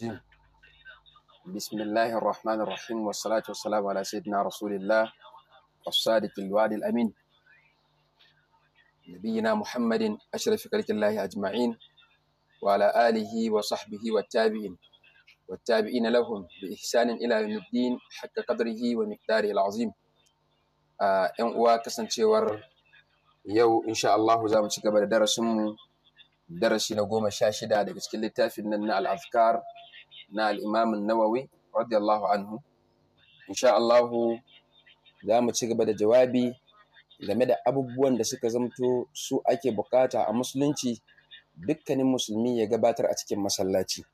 jim bismillahi rahmanir rahim wa salatu wa salamu ala sayyidina rasulillah wa sadiqil wadi amin nabiyina muhammadin ashrafi kalkillahi ajma'in wa ala alihi wa sahbihi wa tabi'in wa tabi'ina lahum bi ihsanin ila yawmiddin wa miqdarihi al'azim yan uwa kasancewar yau insha Allah za mu ci gaba da darasin mu darasi na goma sha shida daga cikin littafin nan na al afkar. na al'imamin nawawi radiyallahu anhu insha Allah za mu ci gaba da jawabi game da abubuwan da suka zamto su ake bukata a musulunci dukkanin musulmi ya gabatar a cikin masallaci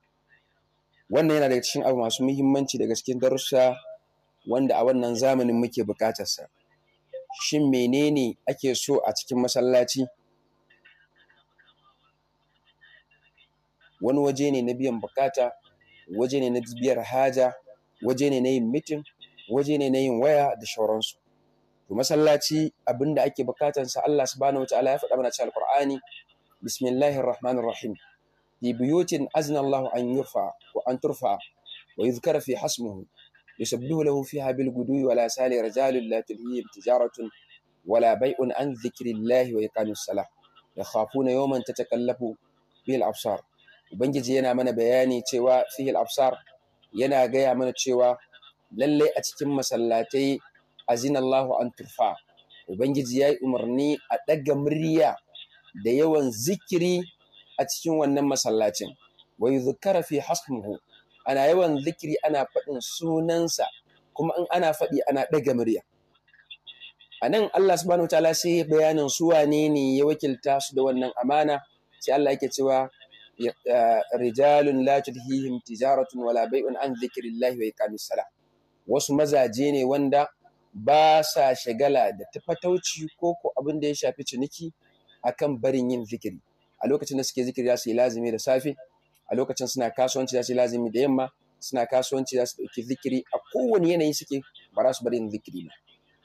wannan yana daga cikin abu masu muhimmanci daga cikin darussa wanda a wannan zamanin muke bukatarsa shin menene ake so a cikin masallaci wani waje ne na biyan bukata waje ne na biyar haja waje ne na yin mitin waje ne na yin waya da shauransu to masallaci abinda ake bukatan sa Allah subhanahu Ta'ala ya faɗa mana cikin alqur'ani bismillahir rahmanir rahim bi buyutin azna Allah an yurfa wa an turfa wa yuzkara fi hasmuhu yusabbihu lahu fiha bil gudwi wa la sali rijalun la tulhihim tijaratun ولا بيع عن ذكر الله وإقام الصلاة يخافون يوما تتكلف به ubangiji yana mana bayani cewa fihil afsar yana gaya mana cewa lallai a cikin masallatai azinallahu an turfa ubangiji ya yi umarni a ɗaga murya da yawan zikiri a cikin wannan masallacin wa yuzkara fi hasmuhu ana yawan zikiri ana faɗin sunansa kuma in ana faɗi ana ɗaga murya a nan Allah subhanahu wataala sai bayanin su wane ne ya wakilta su da wannan amana sai Allah yake cewa rijalun la tulhihim tijaratun wala bai'un an dhikrillahi wa iqamis sala wasu mazaje ne wanda ba sa shagala da tafatauci ko ko abin da ya shafi ciniki akan barin yin zikiri a lokacin da suke zikiri za su yi lazimi da safe a lokacin suna kasuwanci za su yi lazimi da yamma suna kasuwanci za su ɗauki zikiri a kowane yanayi suke ba za su bari yin zikiri ba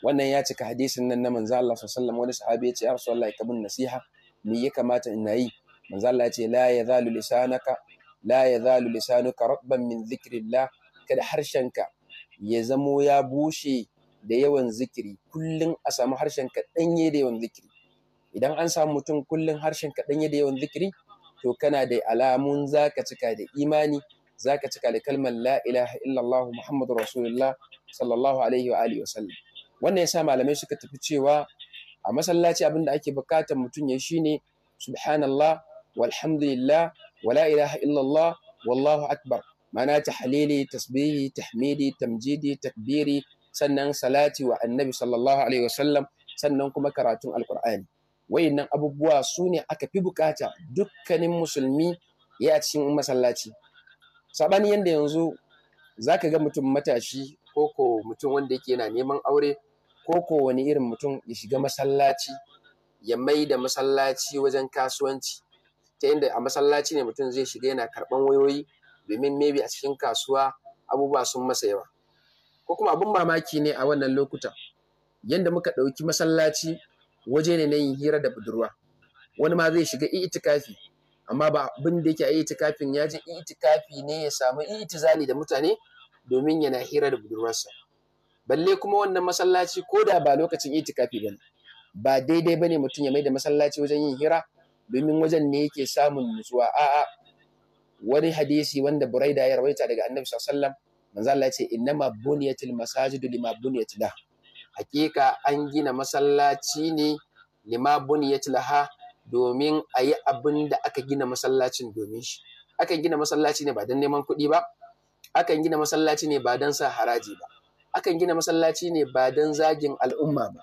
wannan ya cika hadisin nan na manzo Allah sallallahu alaihi wasallam wani sahabi ya ce ya rasulullahi kamun nasiha me ya kamata in yi manzo Allah ya ce la yazalu lisanaka la yazalu lisanuka rabban min la kada harshenka ya zamo ya bushe da yawan zikiri kullun a samu harshenka danye da yawan zikiri idan an samu mutum kullun harshenka danye da yawan zikiri to kana da alamun zaka cika da imani zaka cika da kalmar la ilaha illallah muhammadur rasulullah sallallahu alaihi wa alihi wasallam wannan yasa malamai suka tafi cewa a masallaci abin da ake bukatar mutum ya shine subhanallah walhamdulillah wala ilaha illallah wallahu akbar ma'ana tahlili tasbihi tahmidi tamjidi takbiri sannan salati wa annabi sallallahu alaihi sannan kuma karatun alqur'ani wayannan abubuwa su ne aka fi bukata dukkanin musulmi ya cikin masallaci sabani yanda yanzu zaka ga mutum matashi koko mutum wanda yake yana neman aure ko wani irin mutum ya shiga masallaci ya mai da masallaci wajen kasuwanci ta inda a masallaci ne mutum zai shiga yana karɓan wayoyi domin maybe a cikin kasuwa abubuwa sun masa yawa ko kuma abin mamaki ne a wannan lokuta yanda muka ɗauki masallaci waje ne na yin hira da budurwa wani ma zai shiga itikafi amma ba abin da yake a itikafin ya ji itikafi ne ya samu itizali da mutane domin yana hira da budurwarsa balle kuma wannan masallaci ko da ba lokacin itikafi ne, ba daidai ba ne mutum ya mai da masallaci wajen yin hira domin wajen ne yake samun nutsuwa a'a wani hadisi wanda buraida ya rawaita daga annabi sallallahu manzo Allah ya ce ma buniyatil masajidu lima buniyat lah hakika an gina masallaci ne lima buniyat laha domin a yi abin da aka gina masallacin domin shi akan gina masallaci ne ba don neman kuɗi ba akan gina masallaci ne ba don sa haraji ba akan gina masallaci ne ba don zagin al'umma ba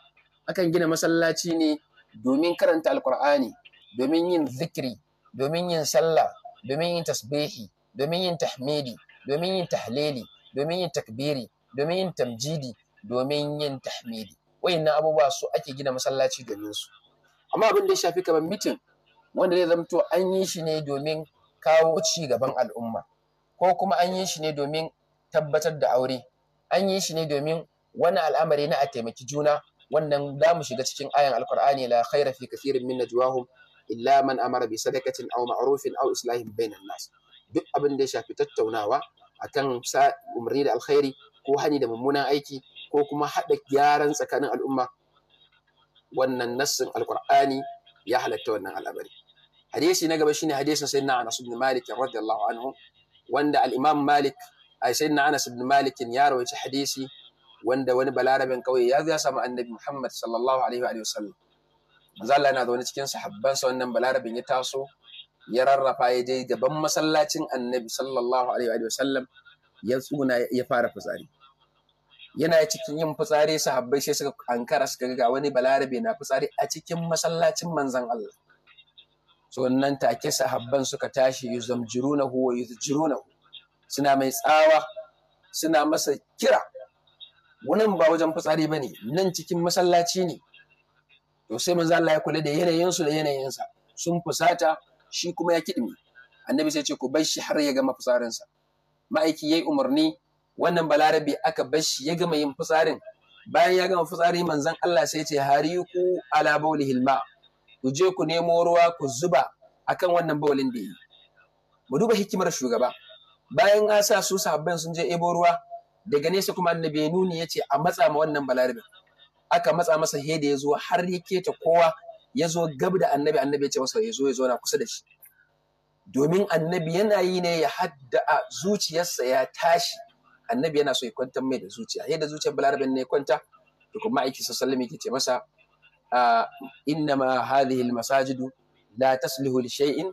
akan gina masallaci ne domin karanta alkur'ani domin yin zikiri domin yin sallah domin yin tasbihi domin yin tahmidi domin yin tahlili domin yin takbiri domin yin tamjidi domin yin tahmidi wayannan abubuwa su ake gina masallaci domin su amma abin da ya shafi kamar mitin wanda zai zamto an yi shi ne domin kawo ci gaban al'umma ko kuma an yi shi ne domin tabbatar da aure an yi shi ne domin wani al'amari na a taimaki juna wannan za mu shiga cikin ayan alkur'ani la khaira fi kafirin min najwahum illa man amara bi sadakatin aw ma'rufin aw islahin bainan nas duk abin da ya shafi tattaunawa akan sa umarni da alkhairi ko hani da mummunan aiki ko kuma haɗa gyaran tsakanin al'umma wannan nassin alkur'ani ya halatta wannan al'amari hadisi na gaba shine hadisin sayyidina Anas ibn Malik radiyallahu anhu wanda al-Imam Malik ai sayyidina Anas ibn Malik ya rawaita hadisi wanda wani balarabin kauye ya zo ya samu annabi Muhammad sallallahu alaihi wa sallam zala na zaune cikin sahabban sa wannan balarabin ya taso ya rarrafa ya je gaban masallacin annabi sallallahu alaihi wa sallam ya tsuna ya fara fitsari yana cikin yin fitsari sahabbai sai suka ankara suka ga wani balarabe na fitsari a cikin masallacin manzon Allah so nan take sahabban suka tashi yuzamjirunahu wa yuzjirunahu suna mai tsawa suna masa kira wannan ba wajen fitsari bane nan cikin masallaci ne to sai manzo Allah ya kula da yanayin su da yanayin sa sun fusata shi kuma ya kidimi annabi sai ce ku bar shi har ya gama fusarin sa ma'aiki yayi umarni wannan balarabi aka bar shi ya gama yin fusarin bayan ya gama fusari manzon Allah sai ce hariku ala bawlihil ma ku je ku nemo ruwa ku zuba akan wannan bawlin da yi mu duba hikimar shugaba bayan an sa su sahabban sun je ebo ruwa daga nesa kuma annabi nuni ya ce a matsa ma wannan balarabin aka matsa masa heda da ya zo har ya keta kowa ya zo gab da annabi annabi ya ce masa ya zo ya zo na kusa da shi domin annabi yana yi ne ya hadda a zuciyarsa ya tashi annabi yana so ya kwanta mai da zuciya Heda zuciyar balarabin ne kwanta to kuma aiki sallallahu ke ce masa ma hadhihi almasajidu la taslihu li shay'in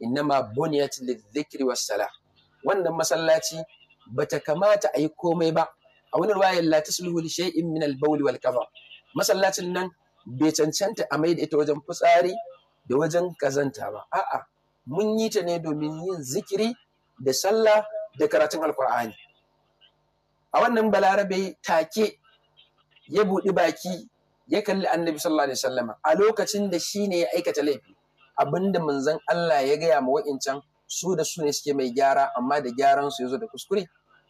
innama buniyat lidhikri was-salah wannan masallaci bata kamata a yi komai ba a wani ruwaya la tasluhu li shay'in min al-bawl wal kafa masallacin nan bai cancanta a mai da ita wajen fitsari da wajen kazanta ba a'a mun yi ta ne domin yin zikiri da sallah da karatun alkur'ani a wannan balarabe take ya buɗi baki ya kalli annabi sallallahu alaihi wasallama a lokacin da shi ne ya aikata laifi abinda manzon Allah ya gaya ma wa'incan su da su ne suke mai gyara amma da gyaran su ya zo da kuskure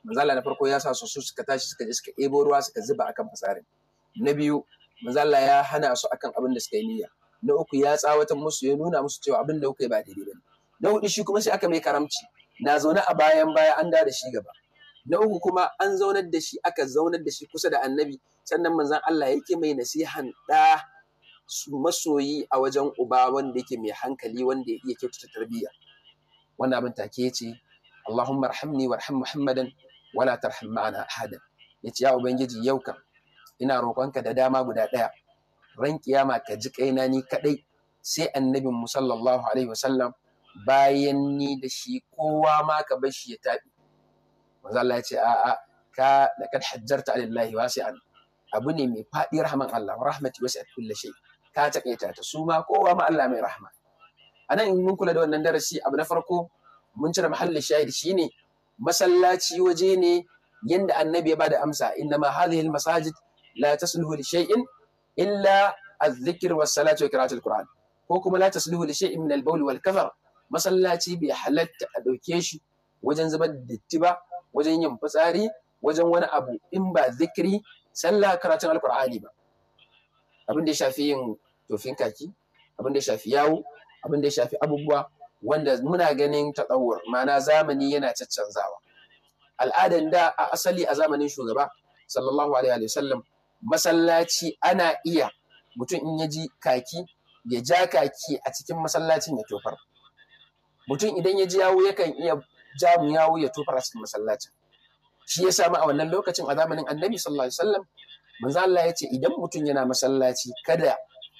manzala na farko ya sa su su suka tashi suka je suka ebo ruwa suka zuba akan fitsarin na biyu manzala ya hana su akan abin da suka yi niyya na uku ya tsawatan musu ya nuna musu cewa abin da kuka ba daidai bane na hudu shi kuma sai aka mai karamci na zaune a bayan baya an da shi gaba na uku kuma an zaunar da shi aka zaunar da shi kusa da annabi sannan manzan Allah yake mai nasihan da su masoyi a wajen uba wanda yake mai hankali wanda ya iya kyautata tarbiyya wannan abin take ce Allahumma arhamni warham Muhammadan wala tarham ma'ana ahadan yace ya ubangiji yau kam ina roƙonka da dama guda ɗaya ran kiyama ka ji kaina ni kadai sai annabin mu sallallahu alaihi wasallam bayan ni da shi kowa ma ka bar shi ya tabi manzo Allah ya a a ka laqad hajjarta alillahi wasi'an abu ne mai faɗi rahman Allah rahmati wasi'at kulli shay ka takaita ta su ma kowa ma Allah mai rahma anan in mun kula da wannan darasi abu na farko mun cire mahallin shahid shine masallaci waje ne yanda annabi ya bada amsa inna ma hadhihi almasajid la tasluhu li shay'in illa adh-dhikr was-salatu wa qira'atul qur'an ko kuma la tasluhu li shay'in min al-bawl wal kafar masallaci bai halatta a dauke shi wajen zubar da datti ba wajen yin fitsari wajen wani abu in ba zikiri sallah karatun alkur'ani ba abin da ya shafi yin tofin kaki abin da ya shafi yawo abin da ya shafi abubuwa wanda muna ganin taɗawar ma'ana zamani yana caccanzawa al'adan da a asali a zamanin shugaba sallallahu alaihi wa sallam masallaci ana iya mutum in yaji kaki ya ja kaki a cikin masallacin ya tofar mutum idan ya ji yawo yakan iya ja mu yawo ya tofar a cikin masallacin shi ya samu a wannan lokacin a zamanin annabi sallallahu alaihi wasallam manzo Allah ya ce idan mutum yana masallaci kada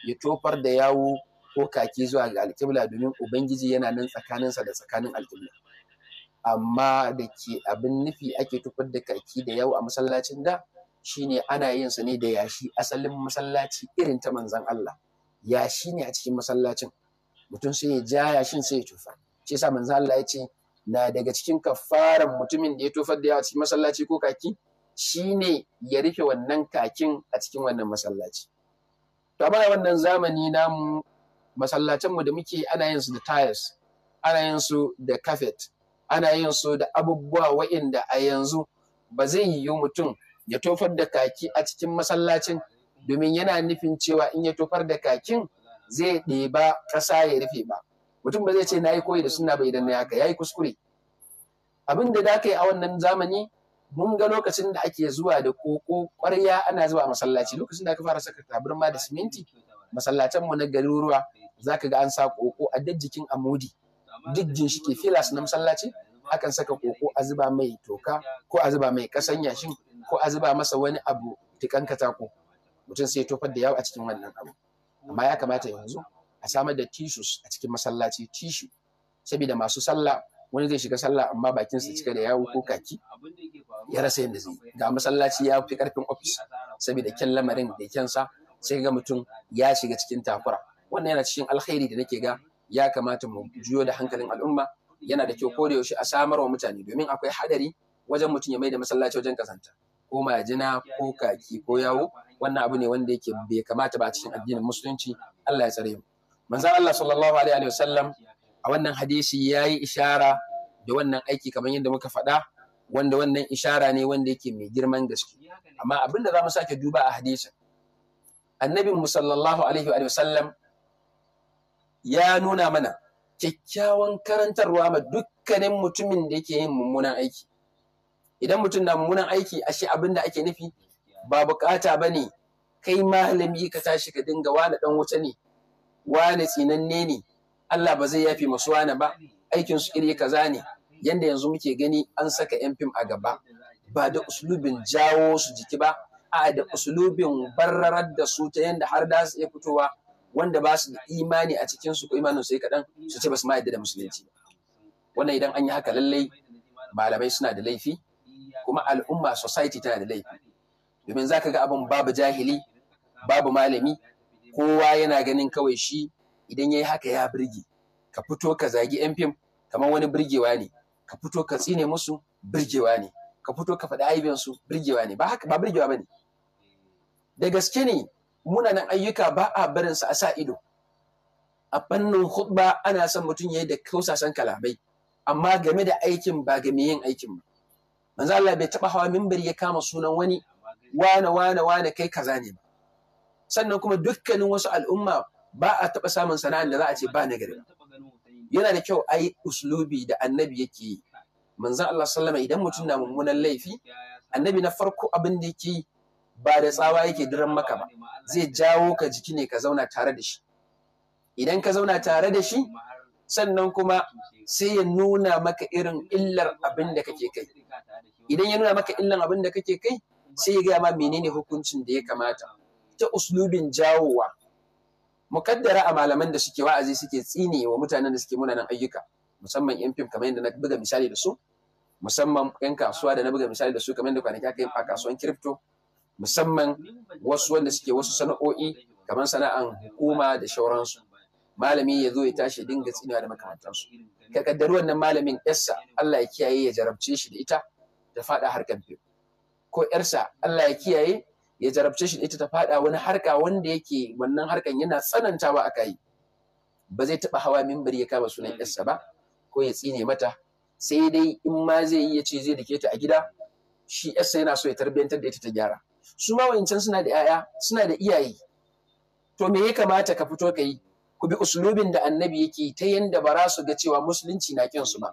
ya tofar da yawo ko kaki zuwa ga alƙibla domin ubangiji yana nan tsakaninsa da tsakanin alƙibla amma da ke abin nufi ake tukar da kaki da yau a masallacin da shine ana yin sa ne da yashi asalin masallaci irin ta manzan Allah yashi ne a cikin masallacin mutum sai ya ja yashin sai ya tufa shi yasa manzon Allah ya ce na daga cikin kafaran mutumin da ya tofar da yawa cikin masallaci ko kaki shine ya rufe wannan kakin a cikin wannan masallaci to amma wannan zamani namu masallacin mu da muke ana yin su da tiles ana yin su da carpet ana yin su da abubuwa wa'inda a yanzu ba zai yiwu mutum ya tofar da kaki a cikin masallacin domin yana nufin cewa in ya tofar da kakin zai ɗeba ƙasa ya rufe ba mutum ba zai ce na yi koyi da suna bai idan haka ya yi kuskure abin da za ka a wannan zamani mun ga lokacin da ake zuwa da koko ƙwarya ana zuwa a masallaci lokacin da aka fara saka tabarma da siminti masallacin mu na garuruwa zaka ga an sa koko a duk jikin amudi duk shi ginshiki filas na masallaci akan saka koko a zuba mai toka ko a zuba mai kasan yashin ko a zuba masa wani abu tikan katako mutum sai tofar da yawo a cikin wannan abu amma ya kamata yanzu a samar da tissues a cikin masallaci tishu saboda masu sallah wani zai shiga sallah amma bakin sa cika da yawo ko kaki ya rasa yadda zai ga masallaci ya fi karfin ofis saboda kyan lamarin da kyansa sai ga mutum ya shiga cikin takura wannan yana cikin alkhairi da nake ga ya kamata mu juyo da hankalin al'umma yana da kyau ko da yaushe a samar wa mutane domin akwai hadari wajen mutum ya mai da masallaci wajen kasanta ko majina ko kaki ko yawo wannan abu ne wanda yake bai kamata ba a cikin addinin musulunci Allah ya tsare mu manzo Allah sallallahu alaihi wa sallam a wannan hadisi yayi ishara da wannan aiki kamar yadda muka faɗa wanda wannan ishara ne wanda yake mai girman gaske amma abin da za mu sake duba a hadisin annabi mu alaihi wa sallam ya nuna mana kyakkyawan karantarwa ma dukkanin mutumin da yake yin mummunan aiki idan mutum na mummunan aiki a shi abin da ake nufi ba bukata ba ne kai malami ka tashi ka dinga wane ɗan wuta ne wane tsinanne ne Allah ba zai yafi masu wane ba aikin su iri kaza ne yanda yanzu muke gani an saka yan fim a gaba ba da usulubin jawo su jiki ba a da usulubin barrarar da su ta yanda har da su iya fitowa wanda ba su da imani a cikin su ko imanin su kaɗan su ce ba su ma yadda da musulunci wannan idan an yi haka lallai malamai suna da laifi kuma al'umma society tana da laifi domin zaka ga abin babu jahili babu malami kowa yana ganin kawai shi idan ya yi haka ya birge ka fito ka zagi yan fim kamar wani birgewa ne ka fito ka tsine musu birgewa ne ka fito ka faɗi aibinsu birgewa ne ba haka ba birgewa ba ne da gaske ne munanan ayyuka ba a barin su a sa ido a fannin hudba ana son mutum ya yi da kausasan kalabai amma game da aikin ba game yin aikin ba manzo Allah bai taba hawa mimbar ya kama sunan wani wane wane wane kai kaza ne ba sannan kuma dukkanin wasu al'umma ba a taba samun sana'ar da za a ce ba nagari yana da kyau ai yi uslubi da annabi yake yi Manzo Allah sallama idan mutum na mummunan laifi annabi na farko abin da yake ba da tsawa yake diran maka ba zai jawo ka jiki ne ka zauna tare da shi idan ka zauna tare da shi sannan kuma sai ya nuna maka irin illar abin da kake kai idan ya nuna maka illar abin da kake kai sai ya gaya ma menene hukuncin da ya kamata ta uslubin jawowa mukaddara a malaman da suke wa'azi suke tsine wa mutanen da suke munanan ayyuka musamman yan fim kamar yadda na buga misali da su musamman yan kasuwa da na buga misali da su kamar yadda kwanaki aka yi a kasuwan kirifto musamman wasu wanda suke wasu sana'o'i kamar sana'an hukuma da shauransu malami ya zo ya tashi dinga tsinewa da makarantarsu ka kaddari wannan malamin yarsa Allah ya kiyaye ya jarabce shi da ita ta faɗa harkar fim ko yarsa Allah ya kiyaye ya jarabce shi da ita ta faɗa wani harka wanda yake wannan harkan yana tsanantawa a kai ba zai taba hawa mimbari ya kama sunan yarsa ba ko ya tsine mata sai dai in ma zai yi ya ce zai dake ta a gida shi yarsa yana so ya tarbiyantar da ita ta gyara su ma wayancan suna da yaya suna da iyaye to me ya kamata ka fito ka yi ku bi uslubin da annabi yake ta yanda ba za su ga cewa musulunci na kyan su ba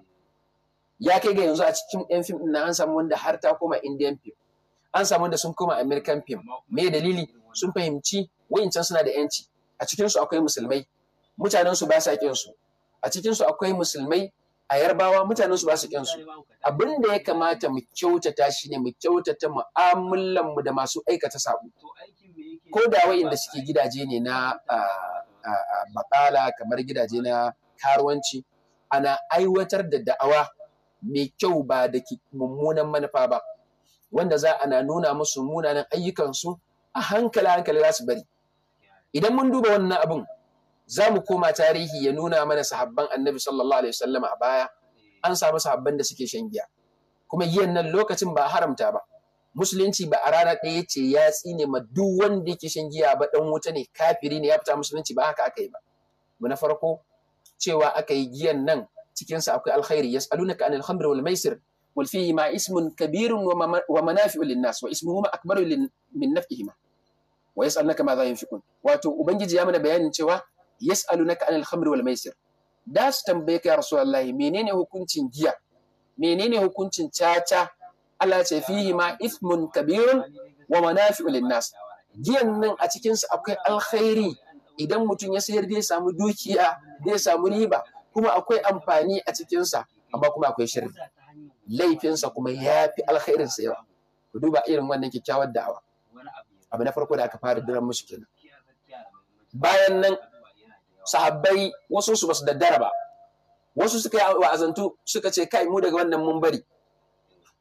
ya kai ga yanzu a cikin yan fim na an samu wanda har ta koma indian film. an samu wanda sun koma american film. me dalili sun fahimci wayancan suna da yanci a cikin su akwai musulmai mutanen su ba sa kyan su a cikin su akwai musulmai a yarbawa mutanen su ba su kyansu abin da ya kamata mu kyautata shi ne mu kyautata mu'amalan mu da masu aikata sabo ko da wayanda suke gidaje ne na matsala kamar gidaje na karuwanci ana aiwatar da da'awa mai kyau ba da mummunan manufa ba wanda za ana nuna musu munanan ayyukansu a hankali hankali za su bari idan mun duba wannan abin za mu koma tarihi ya nuna mana sahabban annabi sallallahu alaihi wasallam a baya an samu sahabban da suke shan giya kuma giyan nan lokacin ba haramta ba musulunci ba a rana ɗaya ce ya tsine ma duk wanda yake shan giya ba dan wuta ne kafiri ne ya fita musulunci ba haka aka yi ba mu na farko cewa aka yi giyan nan cikin sa akwai alkhairi yas'alunaka anil khamri wal maisir wal fihi ma ismun kabirun wa manafi'u lin nas wa ismuhuma akbaru min naf'ihima wa yas'alunaka ma za yunfiqun wato ubangiji ya mana bayanin cewa yas'alunaka anil khamri wal maisir da su tambaye ka ya rasulullahi menene hukuncin giya menene hukuncin caca Allah ce fihi ma ithmun kabirun wa manafi'u nas giyan nan a cikin su akwai alkhairi idan mutum ya sayar da ya samu dukiya zai samu riba kuma akwai amfani a cikin sa amma kuma akwai shirri laifinsa kuma ya fi alkhairinsa yawa ku duba irin wannan kyakkyawar da'awa abu na farko da aka fara diran musu kenan bayan nan sahabbai wasu su basu daddara ba wasu suka yi wa'azantu suka ce kai mu daga wannan mun bari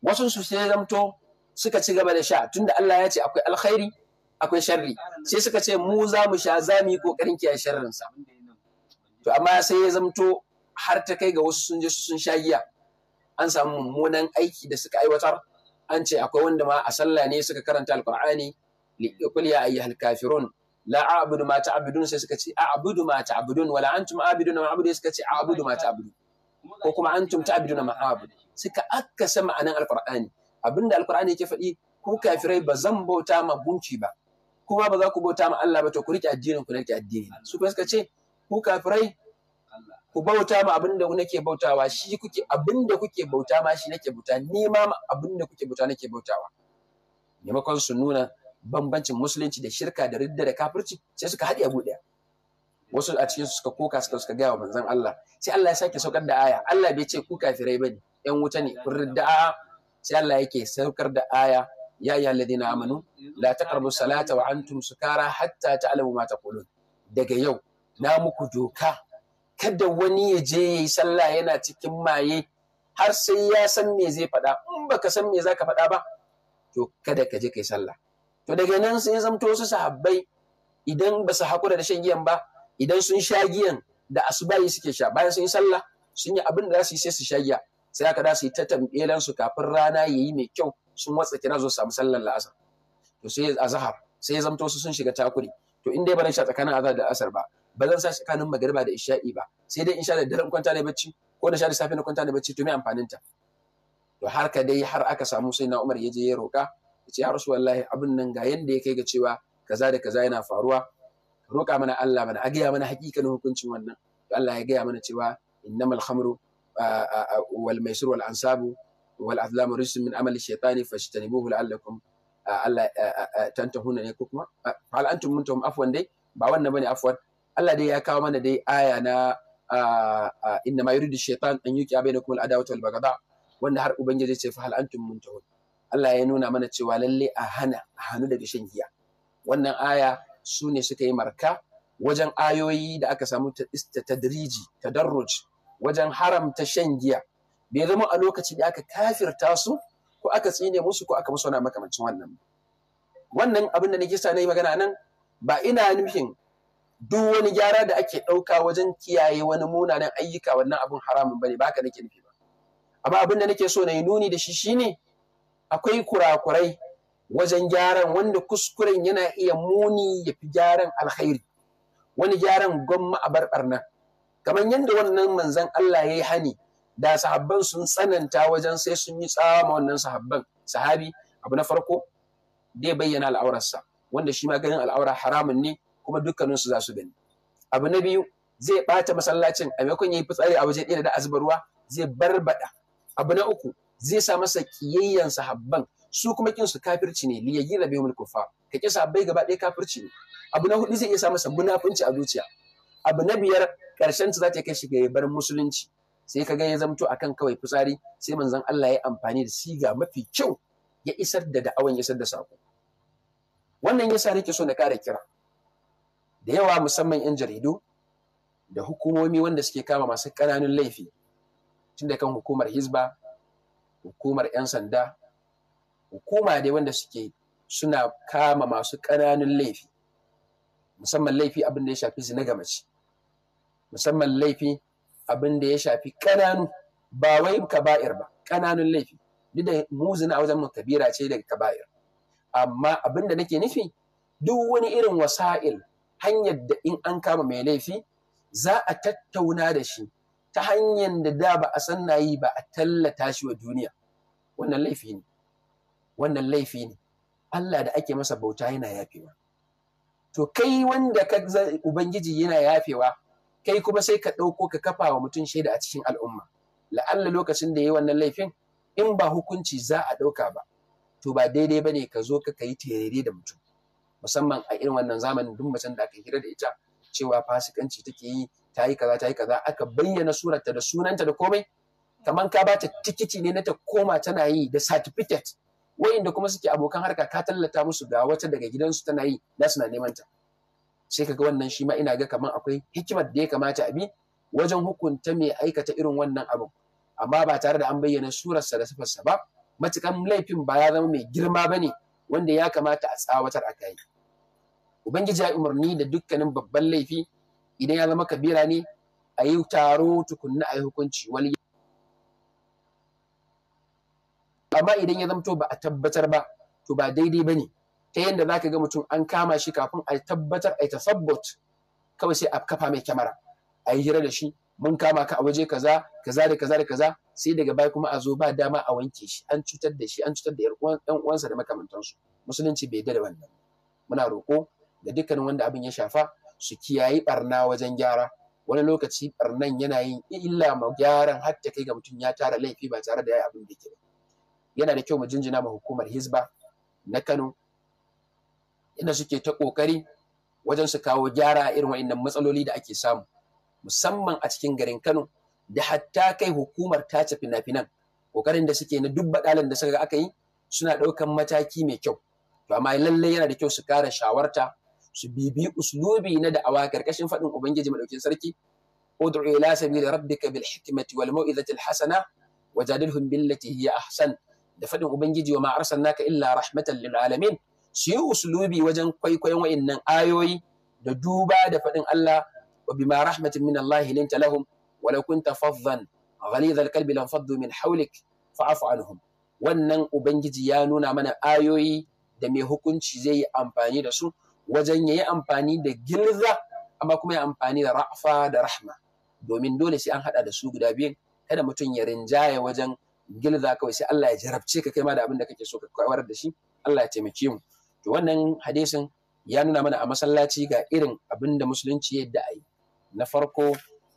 wasu su sai zamto suka ci gaba da sha tunda Allah ya ce akwai alkhairi akwai sharri sai suka ce mu za mu sha za mu yi kokarin kiyaye sharrin sa to amma sai ya zamto har ta kai ga wasu sun je sun sha giya an samu mummunan aiki da suka aiwatar an ce akwai wanda ma a sallah ne suka karanta alqur'ani li ya ayyuhal kafirun la a'budu ma ta'budun sai suka ce a'budu ma ta'budun wala antum a'buduna ma a'budu suka ce a'budu ma ta'budun ko kuma antum ta'buduna ma a'budu suka akkasa ma'anan alqur'ani abinda alqur'ani yake faɗi ku kafirai ba zan bauta ma gunci ba kuma ba za ku bauta ma Allah ba to ku rike addinin ku rike addini su kuma suka ce ku kafirai ku bauta ma abinda ku nake bautawa shi kuke abinda kuke bauta ma shi nake bauta ni ma abinda kuke bauta nake bautawa maimakon su nuna bambancin musulunci da shirka da ridda da kafirci sai suka haɗe abu ɗaya wasu a cikin suka koka suka suka gaya wa manzon Allah sai Allah ya sake saukar da aya Allah bai ce ku kafirai ne? yan wuta ne kun ridda a'a sai Allah yake saukar da aya ya ayyuhal ladina amanu la taqrabu salata wa antum sukara hatta ta'lamu ma taqulun daga yau na muku doka kada wani ya je yayi sallah yana cikin maye har sai ya san me zai faɗa in baka san me zaka faɗa ba to kada ka je ka yi sallah to daga nan sai zamto su sahabbai idan ba su haƙura da shan giyan ba idan sun sha giyan da asubahi suke sha bayan sun yi sallah sun yi abin da za su yi sai su sha giya sai aka da su yi ta tambelan su kafin rana ya yi mai kyau sun watsa kira zo samu sallar la'asar to sai azhar sai zamto su sun shiga takuri to in dai ba zan sha tsakanin azhar da asar ba ba zan sa tsakanin magariba da isha'i ba sai dai in sha da daren kwanta ne bacci ko da sha da safe na kwanta ne bacci to me amfanin ta to har ka dai har aka samu sai na Umar ya je ya roka yace ya rasulullahi abin nan ga yanda ya kai ga cewa kaza da kaza yana faruwa roƙa mana Allah mana a gaya mana hakikanin hukuncin wannan Allah ya gaya mana cewa innamal khamru wal maisir wal ansabu wal azlamu rijsun min amali shaytani fashtanibuhu la'allakum Allah tantahuna ne ko kuma hal antum muntum afwan dai ba wannan bane afwan Allah dai ya kawo mana dai aya na inna ma yuridu shaytan an yuqiya bainakum al adawata wal baghdha wanda har ubangiji ce fa hal antum muntahun Allah ya nuna mana cewa lalle a hana a hannu daga shan giya wannan aya su ne suka yi marka wajen ayoyi da aka samu ta ta diriji, tadriji tadarruj wajen haramta shan giya bai zama a lokacin da aka kafirta su ko aka tsine musu ko aka musu wani makamancin wannan wannan abin da nake sa na yi magana nan ba ina nufin duk wani gyara da ake ɗauka wajen kiyaye wani munanan ayyuka wannan abin haramun bane ba haka nake nufi ba amma abin da nake so na yi nuni da shi ne. akwai kurakurai wajen gyaran wanda kuskuren yana iya muni ya fi gyaran alkhairi wani gyaran gwamma a barbarna kamar yadda wannan manzan Allah ya yi hani da sahabban sun tsananta wajen sai sun yi tsawa ma wannan sahabban sahabi abu na farko dai bayyana al'aurarsa wanda shi ma ganin al'aura haramun ne kuma dukkaninsu za su gani abu na biyu zai ɓata masallacin a maimakon ya yi fitsari a wajen ɗaya da azubarwa zai barbada abu na uku zai sa masa kiyayyan sahabban su kuma kin su kafirci ne li yagira bi mulku fa ka ki sahabbai gaba ɗaya kafirci ne abu na hudu zai iya sa masa munafunci a zuciya abu na biyar karshen ta za ta kai shi ga bar musulunci sai ka kaga ya zamto akan kawai fitsari sai manzon Allah ya amfani da siga mafi kyau ya isar da da'awan ya isar da sako wannan yasa nake so na kara kira da yawa musamman yan jaridu da hukumomi wanda suke kama masu ƙananun laifi tun da kan hukumar hizba hukumar 'yan sanda hukuma dai wanda suke suna kama masu ƙananun laifi musamman laifi abin da ya shafi zina ga mace musamman laifi abin da ya shafi ƙananu ba wai kaba'ir ba ƙananun laifi duk da mu zina a wajen mu kabira ce daga kaba'ir amma abin da nake nufi duk wani irin wasa'il hanyar da in an kama mai laifi za a tattauna da shi ta hanyar da da ba a san na yi ba a tallata shi wa duniya wannan laifi ne wannan laifi ne Allah da ake masa bauta yana yafewa to kai wanda ka ubangiji yana yafewa kai kuma sai ka ɗauko ka kafa wa mutum shaida a cikin al'umma la'alla lokacin da ya yi wannan laifin in ba hukunci za a ɗauka ba to ba daidai ba ne ka zo ka kai terere da mutum musamman a irin wannan zamanin duk macen da aka hira da ita cewa fasikanci take yi ta yi kaza ta yi kaza aka bayyana surarta da sunanta da komai kamar ka bata tikiti ne na ta koma tana yi da certificate wayanda kuma suke abokan harka ka tallata musu ga wata daga gidansu tana yi da suna neman ta sai kaga wannan shi ma ina ga kamar akwai hikimar da ya kamata a bi wajen hukunta mai aikata irin wannan abu. amma ba tare da an bayyana surarsa da sifarsa ba matukan laifin ba ya zama mai girma ba ne wanda ya kamata a tsawatar a kai ubangiji ya umarni da dukkanin babban laifi idan ya zama kabira ne a yi taro tukunna a yi hukunci wani amma idan ya zamto ba a tabbatar ba to ba daidai ba ne ta yadda za ka ga mutum an kama shi kafin a tabbatar a tasabbat kawai sai a kafa mai kyamara a yi hira da shi mun kama ka a waje kaza kaza da kaza da kaza sai daga baya kuma a zo ba dama a wanke shi an cutar da shi an cutar da yan uwansa da makamantansu musulunci bai da wannan muna roƙo da dukkanin wanda abin ya shafa su kiyayi barna wajen gyara wani lokaci barnan yana yin illa ma gyaran har ta kai ga mutum ya tara laifi ba tare da ya abin da ke ba yana da kyau mu jinjina ma hukumar hizba na kano inda suke ta kokari wajen su kawo gyara irin wa'annan matsaloli da ake samu musamman a cikin garin kano da hatta kai hukumar tace fina-finan kokarin da suke na duk baɗalan da suka aka yi suna ɗaukan mataki mai kyau to amma lallai yana da kyau su kara shawarta su bibi uslubi na da'awa karkashin faɗin ubangiji madaukin sarki ud'u ila sabili rabbika bil hikmati wal mau'izati al hasana wajadilhum billati hiya ahsan da faɗin ubangiji wa ma arsalnaka illa rahmatan lil alamin su yi uslubi wajen kwaikwayon wa'innan ayoyi da duba da faɗin Allah wa bima rahmatin min Allah linta lahum wa law kunta faddan ghalidha al qalbi lam faddu min hawlik fa'fu anhum wannan ubangiji ya nuna mana ayoyi da mai hukunci zai yi amfani da su wajen ya yi amfani da gilza amma kuma ya amfani da ra'fa da rahma domin dole sai an haɗa da su guda biyun kada mutum ya rinjaye wajen gilza kawai sai Allah ya jarabce ka kai ma da abin da kake so ka kawar da shi Allah ya taimake mu to wannan hadisin ya nuna mana a masallaci ga irin abin da musulunci yadda a yi na farko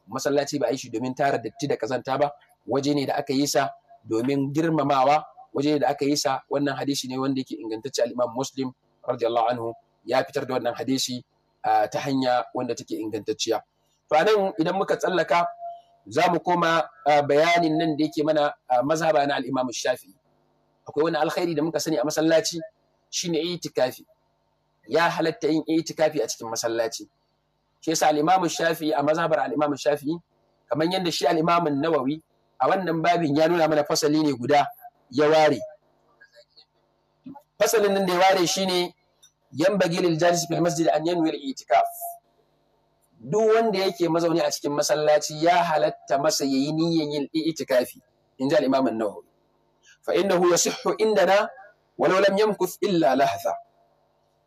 masallaci ba a yi shi domin tara datti da kazanta ba waje ne da aka yi sa domin girmamawa waje ne da aka yi sa wannan hadisi ne wanda yake ingantacce alimam Muslim radiyallahu anhu ya fitar da wannan hadisi ta hanya wanda take ingantacciya to nan idan muka tsallaka za mu koma bayanin nan da yake mana mazhaba na al shafi. akwai wani alkhairi da muka sani a masallaci shine itikafi ya halatta yin itikafi a cikin masallaci shi yasa al shafi Shafi'i a mazhabar al-Imam Shafi'i kamar yadda shi al'imamin Nawawi a wannan babin ya nuna mana fasali ne guda ya ware fasalin nan da ya ware shi ne. Yan lil jalis fil masjid itikaf duk wanda yake mazauni a cikin masallaci ya halatta masa yayi niyyan yin itikafi in ji al-imam an-nawawi fa innahu yasihhu indana walau lam illa lahdha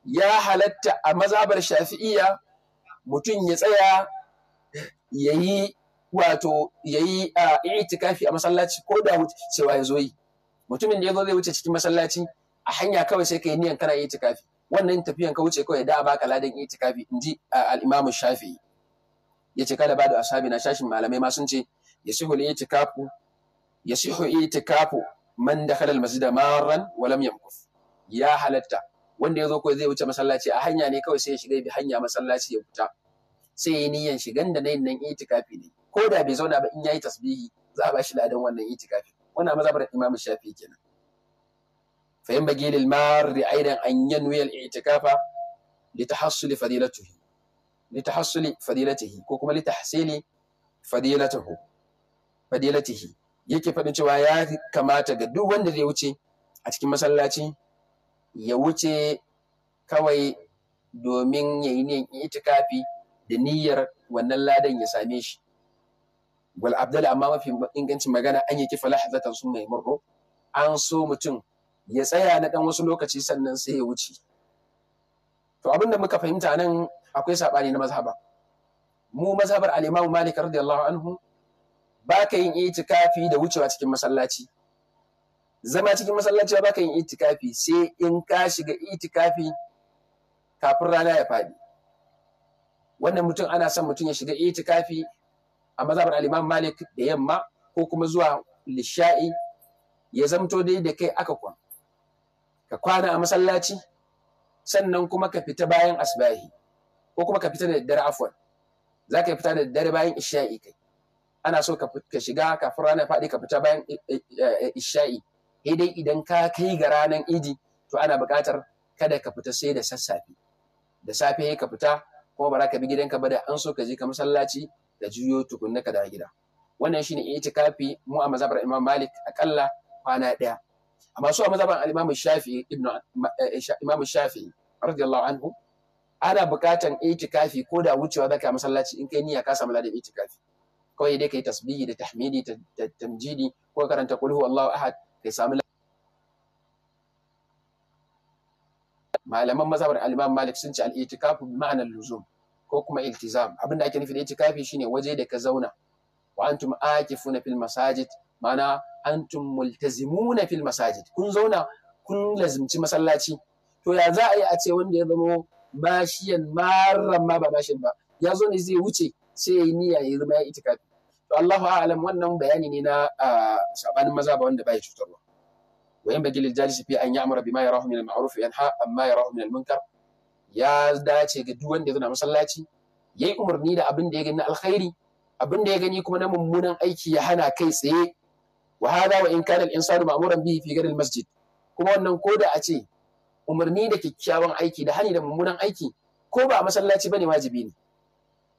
ya halatta a mazabar shafi'iya mutum ya tsaya yayi wato yayi itikafi a masallaci ko da cewa ya zo yi mutumin da ya zo zai wuce cikin masallaci a hanya kawai sai kai niyan kana itikafi wannan tafiyan ka wuce kawai da baka ladan itikafi inji al-Imam Shafi'i ce kada ba ashabi na shashin malamai ma sun ce yasihu li itikafu yasihu itikafu man dakhala al-masjid marran wa lam yamkuf ya halatta wanda yazo kawai zai wuce masallaci a hanya ne kawai sai ya shiga bi hanya masallaci ya fita sai ya niyyan shigan da nayin nan itikafi ne ko da bai zauna ba in yayi tasbihi za a ba shi ladan wannan itikafi wannan mazhabar Imam Shafi'i kenan فينبغي للمار أيضا أن ينوي الاعتكاف لتحصل فضيلته لتحصل فضيلته كوكما لتحصيل فضيلته fadilatihi yake faɗin cewa ya kamata ga duk wanda ya wuce a cikin masallaci ya wuce kawai domin ya yi niyan itikafi da niyyar wannan ladan ya same shi wal abdal amma mafi ingancin magana an yi kifa lahzatan sun mai murro an so mutum ya tsaya na ɗan wasu lokaci sannan sai ya wuce to abinda muka fahimta nan akwai saɓani na mazhaba mu mazhabar al-Imam Malik radiyallahu anhu ka yin itikafi da wucewa cikin masallaci zama cikin masallaci ba ka yin itikafi sai in ka shiga itikafi kafin rana ya faɗi wannan mutum ana son mutum ya shiga itikafi a mazhabar al Malik da yamma ko kuma zuwa lisha'i ya zamto dai da kai aka kwana. ka kwana a masallaci sannan kuma ka fita bayan asbahi ko kuma ka fita da daddare afwan za ka fita da daddare bayan isha'i kai ana so ka shiga kafin rana faɗi ka fita bayan eh, eh, eh, isha'i dai idan ka kai ga ranar idi to ana buƙatar kada ka fita sai da sassafe da safe ka fita kuma ba za ka bi gidanka ba da an so ka je ka masallaci da juyo tukunna ka da gida wannan shine itikafi mu a mazhabar Imam Malik akalla kwana ɗaya amma su a mazaban al-Imam Shafi'i ibn eh, Imam Shafi'i radiyallahu anhu ana buƙatan itikafi ko da wucewa zaka masallaci in kai niyya ka samu ladan itikafi kawai dai kai tasbihi da tahmidi da tamjidi ko karanta qul huwallahu ahad kai samu malaman mazhabar al-Imam Malik sun ce al-itikafu bi ma'ana luzum ko kuma iltizam abinda ake nufi da itikafi shine waje da ka zauna wa antum akifuna fil masajid mana antum multazimuna fil masajid kun zauna kun lazimci masallaci to ya za a yi a ce wanda ya zamo bashiyan maran ma ba mashin ba ya zo ne zai wuce sai ya yi niyya ya zama ya itikafi to Allahu a'lam wannan bayani ne na sabanin maza ba wanda bai cutarwa wa yan bagil jalisi fi an ya'mura bima yarahu min al-ma'ruf yanha amma yarahu min al-munkar ya dace ga duk wanda ya zo masallaci yayi umarni da abin da ya gani na alkhairi abin da ya gani kuma na mummunan aiki ya hana kai tsaye wa hada wa in kana al-insanu ma'muran bihi masjid kuma wannan ko da a ce umarni da kyakkyawan aiki da hani da mummunan aiki ko ba a masallaci bane wajibi ne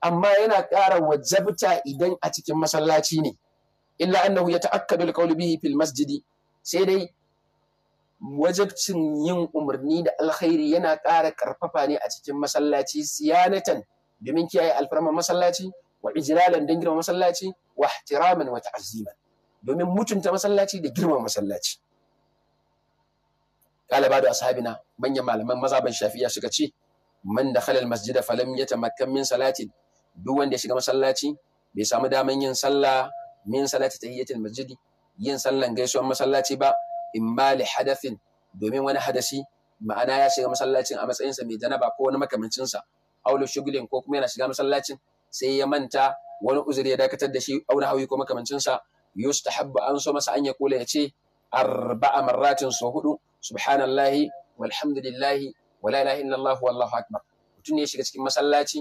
amma yana ƙara wajabta idan a cikin masallaci ne illa annahu yata'akkadu al-qawlu bihi fil masjidi sai dai wajabcin yin umarni da alkhairi yana ƙara karfafa ne a cikin masallaci siyanatan domin kiyaye alfarma masallaci wa ijlalan don masallaci wa ihtiraman wa ta'azziman domin mutunta masallaci da girma masallaci Kala ba da na manyan malaman mazaban shafiya suka ce man da halal masjida falam ya tamakkan min salatin duk wanda ya shiga masallaci bai samu daman yin sallah min salati tahiyyatil masjidi yin sallan gaisuwan masallaci ba in ma li hadafin domin wani hadasi ma'ana ya shiga masallacin a matsayinsa mai janaba ko wani makamancinsa aulu shugulin ko kuma yana shiga masallacin sai ya manta wani uzuri ya dakatar da shi auna hauyi ko makamancinsa yustahabbu an so masa an ya kula ya ce arba'a marratin so hudu subhanallahi walhamdulillahi wala ilaha illallah wallahu akbar mutum ne ya shiga cikin masallaci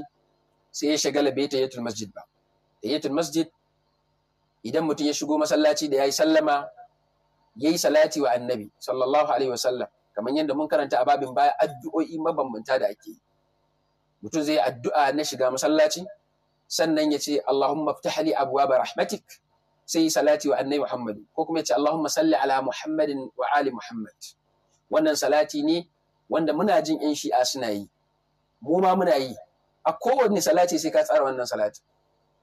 sai ya shagala bai tahiyatul masjid ba tahiyatul masjid idan mutum ya shigo masallaci da yayi sallama yayi salati wa annabi sallallahu alaihi wasallam kamar yadda mun karanta a babin baya addu'o'i mabambanta da ake yi mutum zai addu'a na shiga masallaci sannan ya ce Allahumma ftah li rahmatik sai yi salati wa annabi Muhammadu ko kuma ce Allahumma salli ala Muhammadin wa ali Muhammad wannan salati ne wanda muna jin yan shi'a suna yi mu ma muna yi a kowanne salati sai ka tsara wannan salati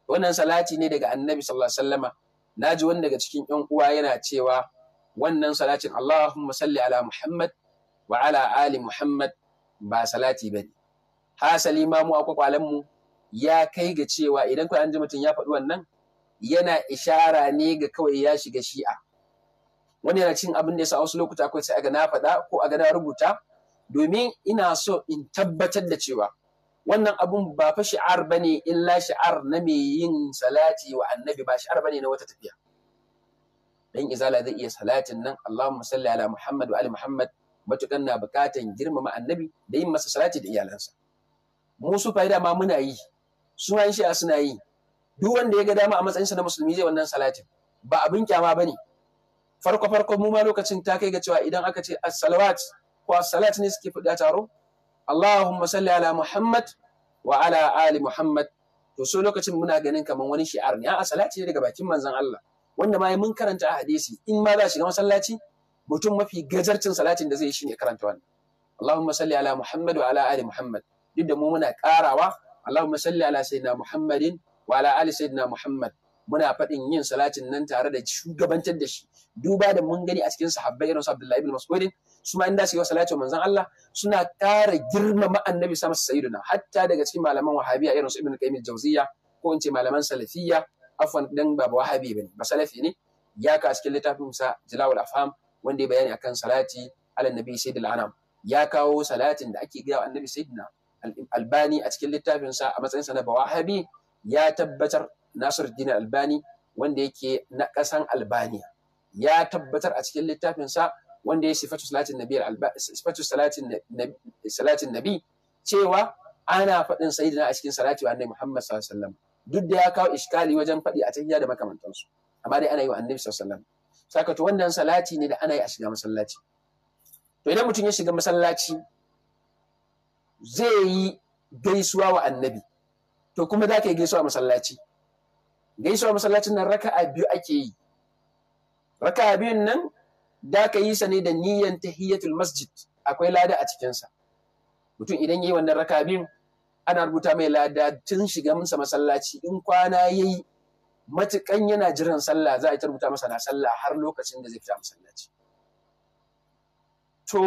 wannan salati ne daga annabi sallallahu alaihi wasallama naji wanda daga cikin yan uwa yana cewa wannan salatin Allahumma salli ala Muhammad wa ala ali Muhammad ba salati bane hasali ma mu akwai kwalan mu ya kai ga cewa idan ku an ji mutum ya faɗi wannan yana ishara ne ga kawai ya shiga shi'a wani yana cin abin da ya sa wasu lokuta kawai sai aga na faɗa ko aga na rubuta domin ina so in tabbatar da cewa wannan abun ba fa shi'ar bane illa shi'ar na mai yin salati wa annabi ba shi'ar bane na wata tafiya dan izala zai iya salatin nan Allahumma salli ala Muhammad wa ali Muhammad matukan na bukatan girmama annabi da yin masa salati da iyalansa mu su fa'ida ma muna yi su shi'a suna yi duk wanda ya ga dama a matsayin sa na musulmi zai wannan salatin ba abin kyama bane farko farko mu ma lokacin ta kai ga cewa idan aka ce as-salawat ko as-salat ne suke fada taro Allahumma salli ala Muhammad wa ala ali Muhammad to so lokacin muna ganin kaman wani shi'ar ne a'a salati ne daga bakin manzon Allah wanda ma mun karanta a hadisi in ma za shiga masallaci mutum mafi gajarcin salatin da zai shi ne karanta wannan Allahumma salli ala Muhammad wa ala ali Muhammad duk da mu muna karawa Allahumma salli ala sayyidina Muhammadin wa ala ali sayyidina Muhammad muna faɗin yin salatin nan tare da shugabantar da shi duba da mun gani a cikin sahabbai irin su Abdullahi ibn Mas'ud su ma inda su yi salatu manzon Allah suna ƙara girmama annabi sa masa sayyiduna hatta daga cikin malaman wahabiya irin su Ibn Qayyim Jawziya, ko in ce malaman salafiyya afwan dan ba wahabi bane ba salafi ne ya ka cikin littafin sa Jilawul Afham wanda ya bayani akan salati ala nabi sayyidil anam ya kawo salatin da ake gaya wa annabi sayyidina albani a cikin littafin sa a matsayin sa na bawahabi ya tabbatar Dina Albani wanda yake na ƙasan Albaniya ya tabbatar a cikin littafinsa wanda ya sifatu salatin nabi sifatu salatin nabi cewa ana faɗin sayyidina a cikin salati wa annabi Muhammad sallallahu alaihi wasallam duk da ya kawo iskali wajen faɗi a tahiyya da makamantansu amma dai ana yi wa annabi sallallahu alaihi wasallam sakato wannan salati ne da ana yi a shiga masallaci to idan mutum ya shiga masallaci zai yi gaisuwa wa annabi to kuma za ka yi gaisuwa masallaci gaisuwa masallacin nan raka'a biyu ake yi raka'a biyun nan da ka yi sa ne da niyyan tahiyatul masjid akwai lada a cikinsa mutum idan yi wannan raka'a biyun ana rubuta mai lada tun shiga masa masallaci in kwana yayi matukan yana jiran sallah za a ta rubuta masa na sallah har lokacin da zai fita masallaci to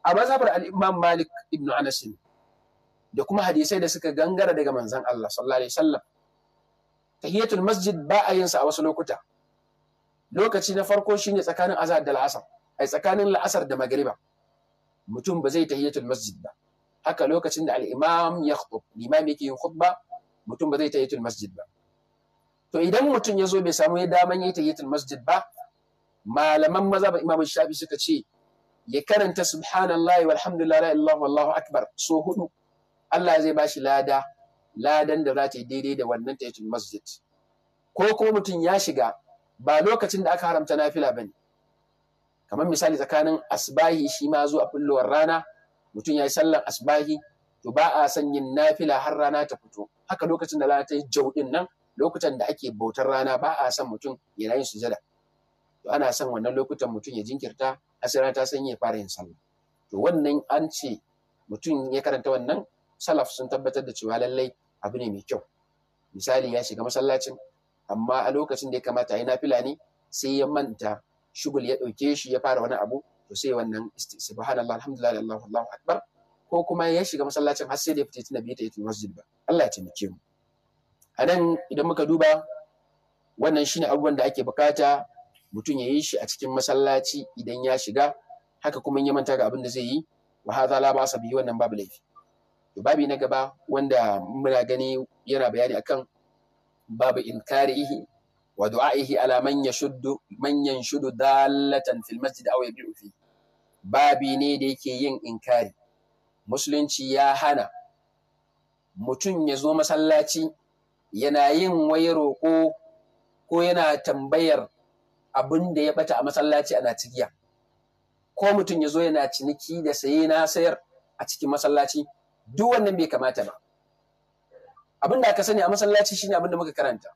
a mazhabar al-Imam Malik ibn Anas da kuma hadisai da suka gangara daga manzan Allah sallallahu alaihi wasallam tahiyatul masjid ba a yin sa a wasu lokuta lokaci na farko shine tsakanin azhar da al'asar ai tsakanin la'asar da magriba mutum ba zai tahiyatul masjid ba haka lokacin da al-imam ya khutub limam yake yin khutba mutum ba zai tahiyatul masjid ba to idan mutum ya zo bai samu ya daman yi tahiyatul masjid ba malaman maza ba imam shafi suka ce ya karanta subhanallahi walhamdulillahi la ilaha illallah wallahu akbar so hudu Allah zai ba shi lada ladan da za ta yi daidai da wannan tahiyatul masjid ko kuma mutum ya shiga ba lokacin da aka haramta nafila ne. kamar misali tsakanin asbahi shi ma zuwa fullowar rana mutum ya yi sallar asbahi to ba a son yin nafila har rana ta fito haka lokacin da rana ta yi jauɗin nan lokutan da ake bautar rana ba a son mutum yana su sujada to ana son wannan lokutan mutum ya jinkirta rana ta san fara yin sallah to wannan an ce mutum ya karanta wannan salaf sun tabbatar da cewa lallai abu ne mai kyau misali ya shiga masallacin amma a lokacin da ya kamata ya nafila ne sai ya manta shugul ya ɗauke shi ya fara wani abu to sai wannan subhanallah alhamdulillah allahu allahu akbar ko kuma ya shiga masallacin har sai da ya fita tuna biyu ta yi masjid ba Allah ya taimake mu a nan idan muka duba wannan shine abubuwan da ake bukata mutum ya yi shi a cikin masallaci idan ya shiga haka kuma ya manta ga abin da zai yi wa hadha la ba bi wannan babu laifi babi na gaba wanda muna gani yana bayani akan babu inkarihi wa du'aihi ala man yashuddu man yanshudu dallatan fil masjid aw yabi'u fi babi ne da yake yin inkari musulunci ya hana mutum ya zo masallaci yana yin wayaro roƙo ko yana tambayar abin da ya bata a masallaci ana cigiya ko mutum ya zo yana ciniki da saye na sayar a cikin masallaci duk wannan bai kamata ba abin da aka sani a masallaci shine abin da muka karanta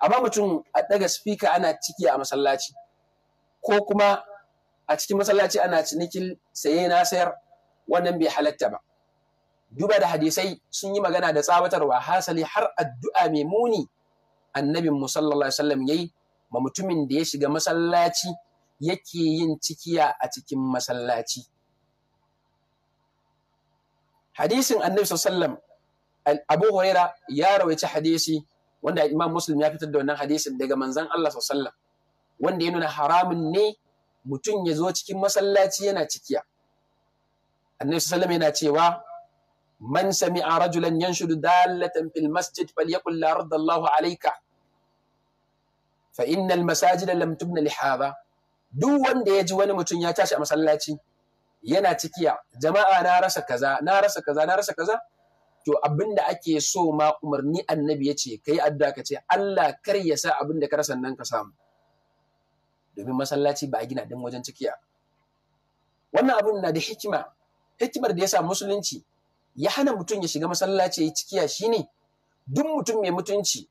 amma mutum a daga speaker ana ciki a masallaci ko kuma a cikin masallaci ana cinikin saye na sayar wannan bai halatta ba duba da hadisai sun yi magana da tsabatarwa hasali har addu'a mai muni annabin mu sallallahu alaihi wasallam yayi ma mutumin da ya shiga masallaci yake yin cikiya a cikin masallaci hadisin annabi sallam abu huraira ya rawaici hadisi wanda imam muslim ya fitar da wannan hadisin daga manzan allah sallam wanda ya nuna haramun ne mutum ya zo cikin masallaci yana cikiya annabi sallam yana cewa man sami'a rajulan yanshudu dalatan fil masjid falyaqul la radda allah alayka fa innal masajida lam tubna li duk wanda ya ji wani mutum ya tashi a masallaci yana cikiya jama'a na rasa kaza na rasa kaza na rasa kaza to abin da ake so ma umarni annabi ya ce kai addu'a ka ce Allah kar ya sa abin da ka rasa nan ka samu domin masallaci ba a gina din wajen cikiya wannan abun na da hikima hikimar da ya sa musulunci ya hana mutum ya shiga masallaci ya cikiya shine duk mutum mai mutunci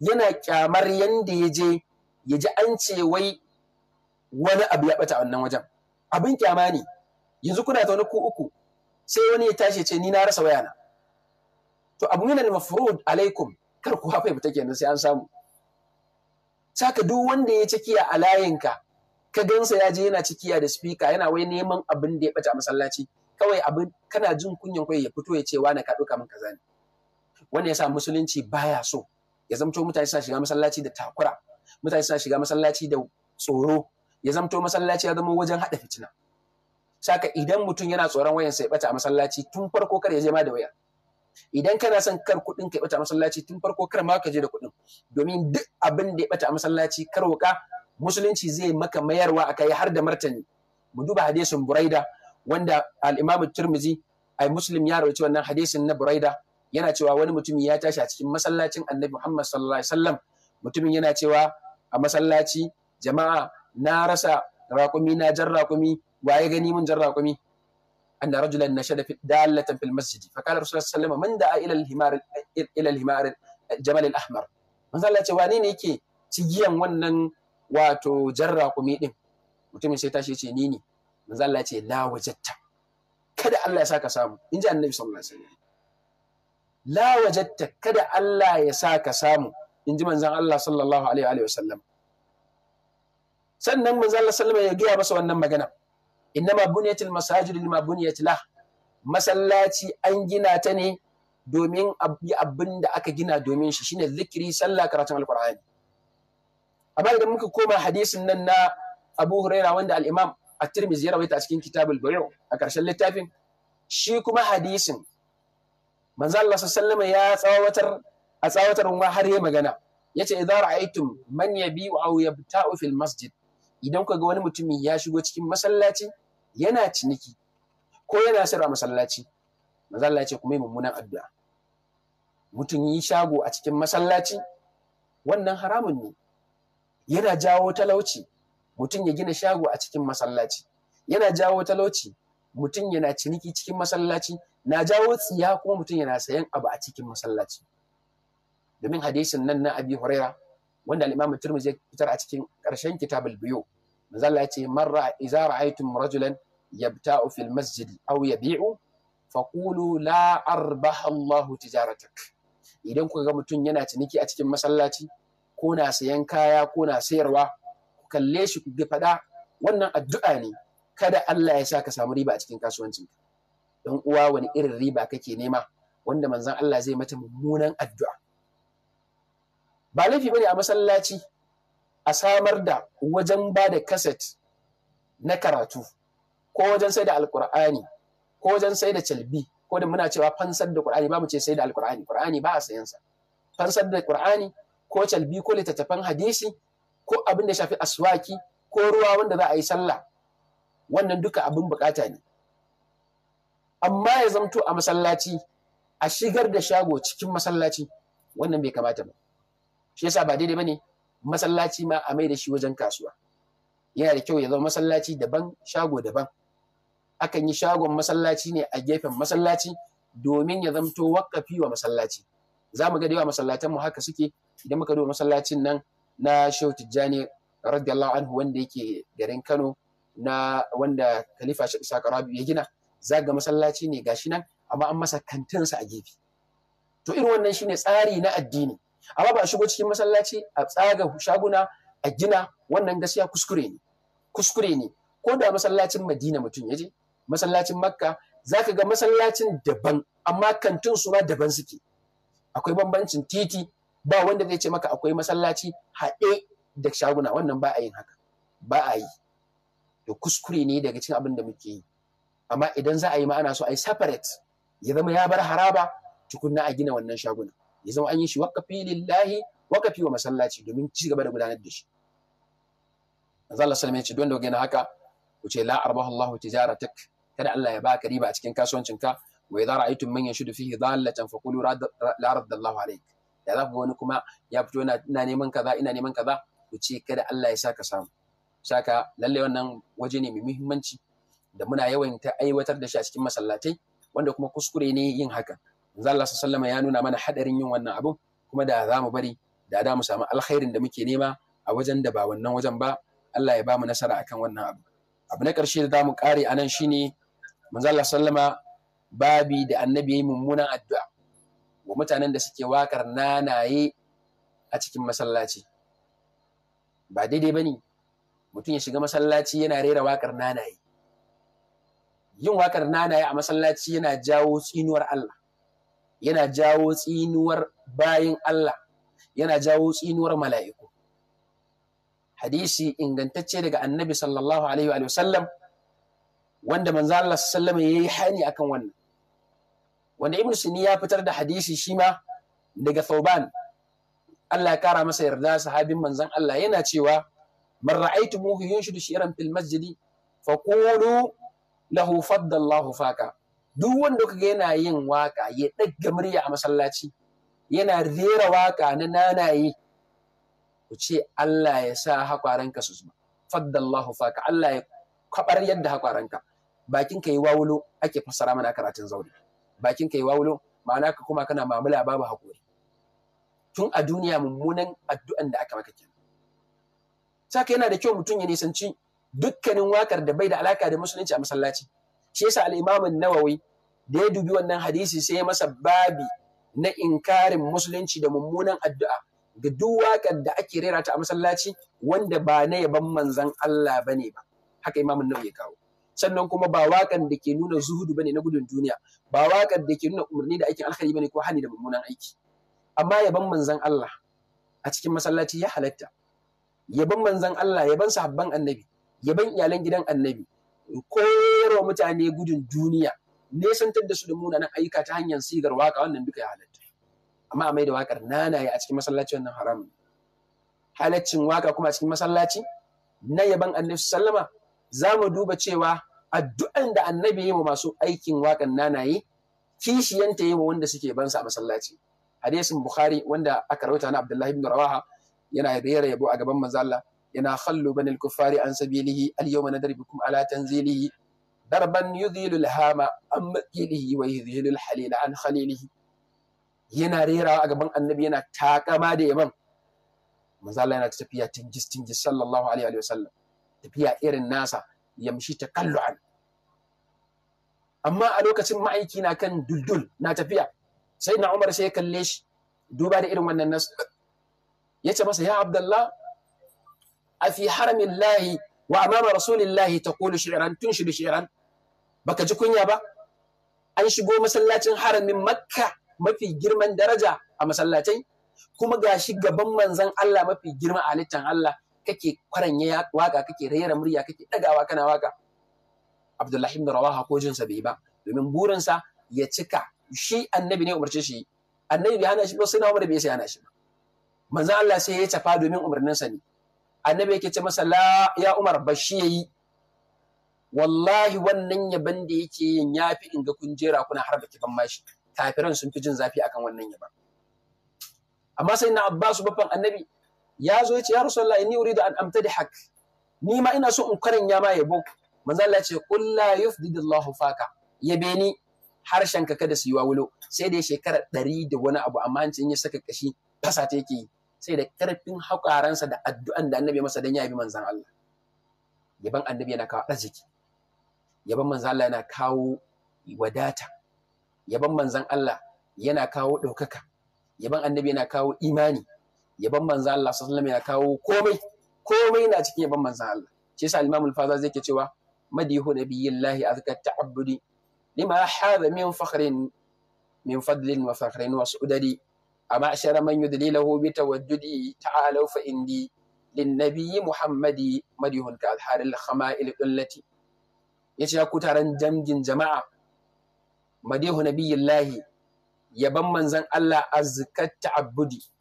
yana kyamar yanda ya je ya ji an ce wai wani abu ya bata wannan wajen abin kyama ne yanzu kuna zaune ku uku sai wani ya tashi ce ni na rasa wayana to abu minal mafrud alaikum kar ku hafa ta kenan sai an samu saka duk wanda ya ci kiya a layinka ka gansa ya je yana cikiya da speaker yana wai neman abin da ya bata masallaci kawai abin kana jin kunyan kai ya fito ya ce wani ka duka min kaza ne wanda yasa musulunci baya so ya zamto mutane suna shiga masallaci da takura mutane suna shiga masallaci da tsoro ya zamto masallaci ya zama wajen hada fitina saka idan mutum yana tsoron wayan sai bata a masallaci tun farko kar ya je ma da waya idan kana son kar kuɗin ka bata a masallaci tun farko kar ma ka je da kuɗin domin duk abin da ya bata a masallaci kar wuka musulunci zai maka mayarwa akai har da martani mu duba hadisin buraida wanda al-imam tirmizi ai muslim ya rawaito wannan hadisin na buraida yana cewa wani mutumi ya tashi a cikin masallacin annabi muhammad sallallahu alaihi wasallam mutumin yana cewa a masallaci jama'a na rasa rakumi na jan rakumi. waye gani mun jar raƙumi anna rajulan nashada fi dalatan fil masjid fa qala rasulullahi sallallahu alaihi wasallam man da'a ila al himar ila al himar jamal al ahmar manzo Allah ya ce wane ne yake cigiyan wannan wato jar raƙumi din mutumin sai tashi ya ce ni ne manzo ya ce la wajatta kada Allah ya saka samu in ji annabi sallallahu alaihi wasallam la wajatta kada Allah ya saka samu in ji manzan Allah sallallahu alaihi wasallam sannan manzo Allah sallama ya gaya masa wannan magana innama buniyatil masajid lima buniyat lah masallaci an gina ta ne domin abin da aka gina domin shi shine zikiri sallah karatun alqur'ani amma idan muka koma hadisin nan na Abu Huraira wanda al-Imam At-Tirmidhi ya rawaita a cikin Kitabul Bayu a ƙarshen littafin shi kuma hadisin manzo Allah sallallahu ya tsawatar a tsawatar wa har ya magana yace idza ra'aytum man yabi'u aw yabta'u fil masjid idan kuka ga wani mutumi ya shigo cikin masallaci yana ciniki ko yana a masallaci manzo ce kuma yi mummunan addu'a mutum yi shago a cikin masallaci wannan haramun ne yana jawo talauci mutum ya gina shago a cikin masallaci yana jawo talauci mutum yana ciniki cikin masallaci na jawo tsiya kuma mutum yana sayan abu a cikin masallaci domin hadisin nan na abi huraira wanda al'imam turmi zai fitar a cikin karshen kitabul biyo mazalla ya ce marra izara ra'aytum rajulan yabta'u fil masjidi aw yabi'u faqulu la arbaha Allahu tijaratak idan kuka ga mutum yana ciniki a cikin masallaci ko na sayan kaya ko na sayarwa ku kalle shi ku faɗa wannan addu'a ne kada Allah ya sa ka samu riba a cikin kasuwanci. dan uwa wani irin riba kake nema wanda manzon Allah zai mata mummunan addu'a ba laifi bane a masallaci a samar da wajen ba da kaset na karatu ko wajen sai da alkur'ani ko wajen sai da calbi ko da muna cewa fansar da qur'ani ba mu ce sai da alkur'ani qur'ani ba a sayan sa fansar da qur'ani ko calbi ko littattafan hadisi ko abin da shafi aswaki ko ruwa wanda za a yi sallah wannan duka abin bukata ne amma ya zamto a masallaci a shigar da shago cikin masallaci wannan bai kamata ba shi yasa ba daidai bane masallaci ma a mai da shi wajen kasuwa yana da kyau ya zama masallaci daban shago daban akan yi shagon masallaci ne a gefen masallaci domin ya zamto wakafi wa masallaci za mu ga da masallatan mu haka suke idan muka duba masallacin nan na Shehu Tijjani radiyallahu anhu wanda yake garin Kano na wanda Khalifa Shehu Isa ya gina za ga masallaci ne gashi nan amma an masa sa a gefe to irin wannan shine tsari na addini amma ba a shigo cikin masallaci a tsaga shaguna a gina wannan gaskiya kuskure ne kuskure ne ko da masallacin Madina mutum ya je masallacin makka za ka ga masallacin daban amma kantin su daban suke akwai bambancin titi ba wanda zai ce maka akwai masallaci haɗe da shaguna wannan ba a yin haka ba a yi da kuskure ne daga cikin abin da muke yi amma idan za a yi ma ana so a yi separate ya zama ya bar haraba tukunna a gina wannan shaguna ya zama an yi shi wakafi lillahi fi wa masallaci domin ci gaba da gudanar da shi manzo Allah sallallahu alaihi wasallam ya ce don da haka ku ce la arbahallahu tijaratak kada Allah ya baka riba a cikin kasuwancinka wa idza ra'aytum man yashudu fihi dallatan faqulu la raddallahu alayk da za wani kuma ya fito ina neman kaza ina neman kaza ku ce kada Allah ya saka samu saka lalle wannan waje ne mai muhimmanci da muna yawan ta aiwatar da shi a cikin masallatai wanda kuma kuskure ne yin haka manzo Allah sallama ya nuna mana hadarin yin wannan abu. kuma da za mu bari da da mu samu alkhairin da muke nema a wajen da ba wannan wajen ba Allah ya ba mu nasara akan wannan abu abu na ƙarshe da za mu kare a nan shine manzo Allah sallama babi da annabi yayi mummunan addu'a wa mutanen da suke wakar nanaye a cikin masallaci ba daidai ba ne mutum ya shiga masallaci yana rera wakar nanaye yin wakar nanaye a masallaci yana jawo tsinuwar Allah yana jawo tsinuwar bayin Allah yana jawo tsinuwar mala'iku hadisi ingantacce daga annabi sallallahu alaihi wa sallam wanda manzo Allah sallallahu alaihi wasallam yayi hani akan wannan wanda ibnu sini ya fitar da hadisi shi ma daga Thauban Allah ya kara masa yarda sahabin manzon Allah yana cewa man ra'aytumuhu yunshidu shi'ran fil masjidi faqulu lahu Allahu faka duk wanda kage yana yin waka ya ɗaga murya a masallaci yana rera waka na nanaye ku ce Allah ya sa hakwaranka su Fadda Allahu faka Allah ya kwabar yadda hakwaranka bakin ka yi wawulo ake fassara mana karatun zauri bakin ka yi wawulo ma'ana ka kuma kana mamula babu haƙuri tun a duniya mummunan addu'an da aka maka ke saka yana da kyau mutum ya nisanci dukkanin wakar da bai da alaka da musulunci a masallaci shi yasa al wai nawawi da ya dubi wannan hadisi sai ya masa babi na inkarin musulunci da mummunan addu'a ga duk wakar da ake rera ta a masallaci wanda ba na yaban manzon Allah bane ba haka imamun nawawi ya kawo sannan kuma ba waƙan da ke nuna zuhudu bane na gudun duniya ba waƙar da ke nuna umarni da aikin alkhairi bane ko hani da mummunan aiki amma yaban manzon Allah a cikin masallaci ya halatta yaban manzon Allah yaban sahabban annabi yaban iyalan gidan annabi koyarwa mutane gudun duniya nesantar da su da munanan ayyuka ta hanyar sigar waka wannan duka ya halatta amma a mai da wakar nanaye a cikin masallaci wannan haramun halaccin waka kuma a cikin masallaci na yaban annabi sallama za mu duba cewa addu'an da annabi yi wa masu aikin waƙan nanaye kishiyanta yi wanda suke bansa a masallaci hadisin bukhari wanda aka rauta na abdullahi ibn rawaha yana rera yabo a gaban manzo yana khallu banil kuffari an sabilihi al yawma nadribukum ala tanzilihi darban yudhilu al hama am wa yudhilu al halila an khalilihi yana rera a gaban annabi yana takama da yaban manzo Allah yana tafiya tingis tingis sallallahu alaihi wa sallam tafiya irin nasa yamshi kallu'an. amma a lokacin ma'aiki na kan duldul na tafiya sai na Umar sai ya kalle shi duba da irin wannan nasu ya ce masa ya Abdullah a fi haramin lahi wa amama lahi ta kulu shi'iran tun shiru shi'iran baka ji kunya ba an shigo masallacin haramin makka mafi girman daraja a masallatai kuma ga shi gaban manzan Allah mafi girma a halittan Allah kake kwaranya waka kake rera murya kake dagawa kana waka Abdullahi ibn Rawaha ko jinsa bai ba domin burinsa ya cika shi annabi ne umarce shi annabi bai hana shi ba sai na Umar bai sai hana shi ba manzo Allah sai ya tafa domin umarnin sa ne annabi yake ce masa la ya Umar ba shi yayi wallahi wannan yaban da yake yin yafi in ga kun jera kuna har da kiban mashi kafiran sun fi jin zafi akan wannan yaban amma sai na Abbas babban annabi ya zo ya ce ya Allah inni uridu an hak ni ma ina so in ya ma yabo manzo Allah ce qul la yufdidillahu faka yabe ni harshen ka kada su yi wawulo sai da shekara ɗari da wani abu amma an ya saka kashi fasa ta yake sai da karfin hakaransa da addu'an da annabi masa dan ya bi manzon Allah yaban annabi yana kawo arziki yaban manzon Allah yana kawo wadata yaban manzan Allah yana kawo ɗaukaka yaban annabi yana kawo imani yaban manzo Allah sallallahu alaihi ya kawo komai komai na cikin yaban manzo Allah shi yasa Imam al-Faza zai ke cewa madihu nabiyillahi azka ta'abbudi lima hadha min fakhrin min fadlin wa fakhrin wa su'dadi amma ashara man yudlilahu bi tawaddudi ta'alu fa indi linnabi muhammadi madihun ka alharil khama'il dullati yace ya ku taron jamgin jama'a madihu nabiyillahi yaban manzon Allah azka ta'abbudi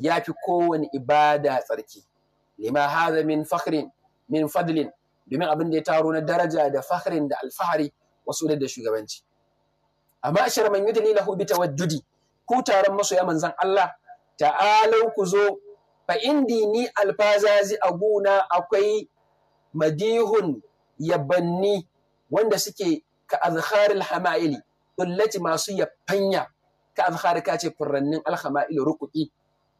ya fi kowane ibada tsarki lima haza min fakhrin min fadlin domin abin da ya taro na daraja da fakhrin da alfahari wasu da shugabanci amma ashar man yudli lahu bi tawaddudi ku taron masoya manzon Allah ta'alau ku zo fa indi ni alfazazi a guna akwai madihun yabanni wanda suke ka azharil hamaili kullati masu yafanya ka azhar ka ce furannin alhama'il rukuki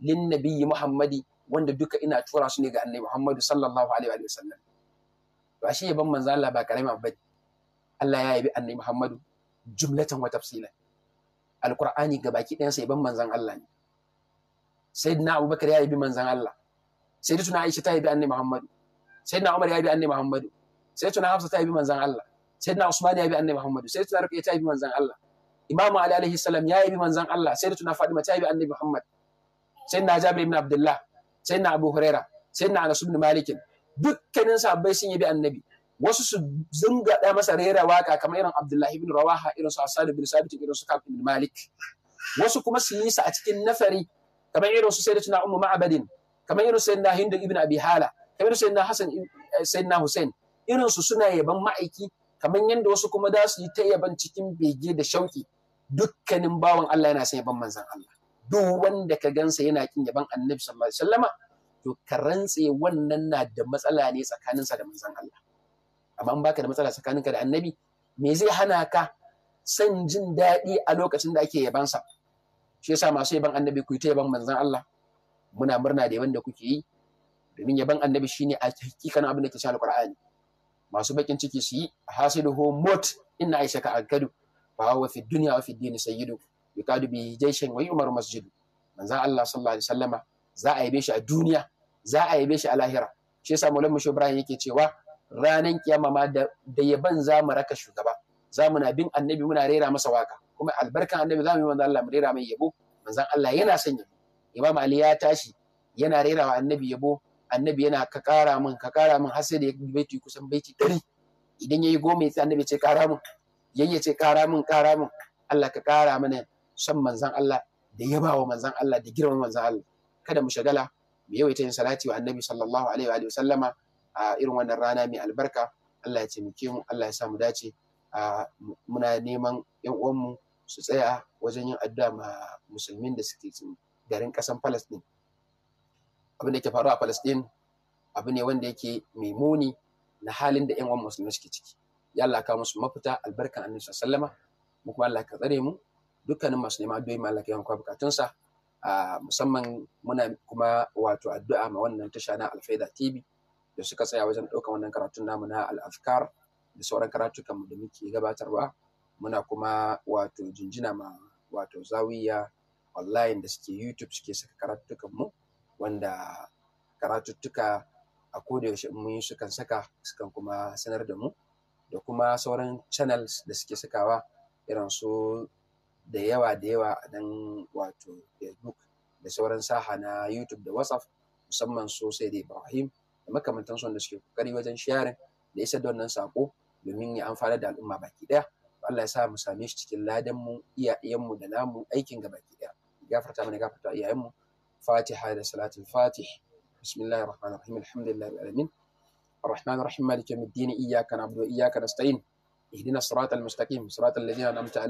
lin muhammadi wanda duka ina tura su ne ga annabi muhammadu sallallahu alaihi wa sallam to shi ban manzo Allah ba karami abu bane Allah ya yabi annabi muhammadu jumlatan wa tafsilan alqur'ani ga baki ɗayansa ban manzon Allah ne sayyidina abubakar ya yabi manzon Allah sayyidatuna aisha ta yabi annabi muhammadu sayyidina umar ya yabi annabi muhammadu sayyidatuna hafsa ta yabi manzon Allah sayyidina usman ya yabi annabi muhammadu sayyidatuna ruqayyah ta yabi manzon Allah imamu ali alaihi salam ya yabi manzon Allah sayyidatuna fatima ta yabi annabi Muhammadu. na Jabir ibn Abdullah na Abu Huraira sayyidina Anas ibn Malik dukkanin sahabbai sun yabi annabi wasu su zunga da masa rera waka kamar irin Abdullahi ibn Rawaha irin su Asad ibn Sabit irin su Ka'b ibn Malik wasu kuma su yi sa a cikin nafari kamar irin su sayyidatuna Ummu Ma'abadin kamar irin sayyidina Hind ibn Abi Hala kamar sayyidina Hassan eh, sayyidina Hussein irin su suna yaban ma'aiki kamar yadda wasu kuma za su yi ta yaban cikin bege da shauki dukkanin bawan Allah yana son yaban manzon Allah duk wanda ka gansa yana kin yaban annabi sallallahu alaihi wasallama to ka rantse wannan na da matsala ne tsakaninsa da manzon Allah amma in baka da matsala tsakaninka da annabi me zai hana ka san jin daɗi a lokacin da ake yabansa shi yasa masu yaban annabi ku yi ta yaban manzon Allah muna murna da yaban da kuke yi domin yaban annabi shine a hakikanin abin da ke cikin alqur'ani masu bakin ciki su yi hasidu mot inna aisha ka agadu ba wa fi duniya wa fi dini sayyidu yuqadu bi jaishin wa umar masjid manzon Allah sallallahu alaihi wasallama za a yabe shi a duniya za a yabe shi a lahira shi yasa Maulana Musho Ibrahim yake cewa ranan kiyama ma da yaban za mu raka shugaba za mu na bin annabi muna rera masa waka kuma albarkan annabi za mu yi manzon Allah mu rera mai yabo manzon Allah yana son yabo Imam Ali ya tashi yana rera wa annabi yabo annabi yana ka kara min ka kara min har sai da baiti kusan baiti ɗari idan yayi goma sai annabi ce kara min yan ya ce kara min kara min Allah ka kara mana son manzan Allah da yaba wa manzan Allah da girman manzan Allah kada mu shagala mu yawaita yin salati wa annabi sallallahu alaihi wa sallama a irin wannan rana mai albarka Allah ya taimake mu Allah ya sa mu dace muna neman yan mu su tsaya wajen yin addu'a ma musulmin da suke garin kasan Palestine abin da ke faruwa a Palestine abu ne wanda yake mai muni na halin da yan uwan musulmi suke ciki yalla ka musu mafita albarkan annabi sallama mu kuma Allah ka tsare mu dukkanin masu neman addu'o'i ma Allah bukatun sa bukatunsa musamman muna kuma wato addu'a ma wannan tasha na Alfaida TV da suka tsaya wajen ɗaukan wannan karatun namu na al'afkar da sauran karatukan mu da muke gabatarwa muna kuma wato jinjina ma wato zawiya online da suke YouTube suke saka karatukan mu wanda karatuttuka a koda yaushe mun yi sukan saka sukan kuma sanar da mu da kuma sauran channels da suke sakawa irin su da yawa da yawa a nan wato facebook da sauran saha na youtube da whatsapp musamman sosai da ibrahim da makamantan da suke kokari wajen sharing da isa da wannan sako domin ya amfana da al'umma baki daya Allah ya sa mu same shi cikin ladan mu iyayen mu da namu aikin ga baki daya gafarta mana gafarta iyayen mu fatiha da salatul fatih bismillahir rahmanir rahim alhamdulillahi alamin الرحمن الرحيم مالك يوم الدين اياك نعبد واياك نستعين اهدنا الصراط المستقيم صراط الذين انعمت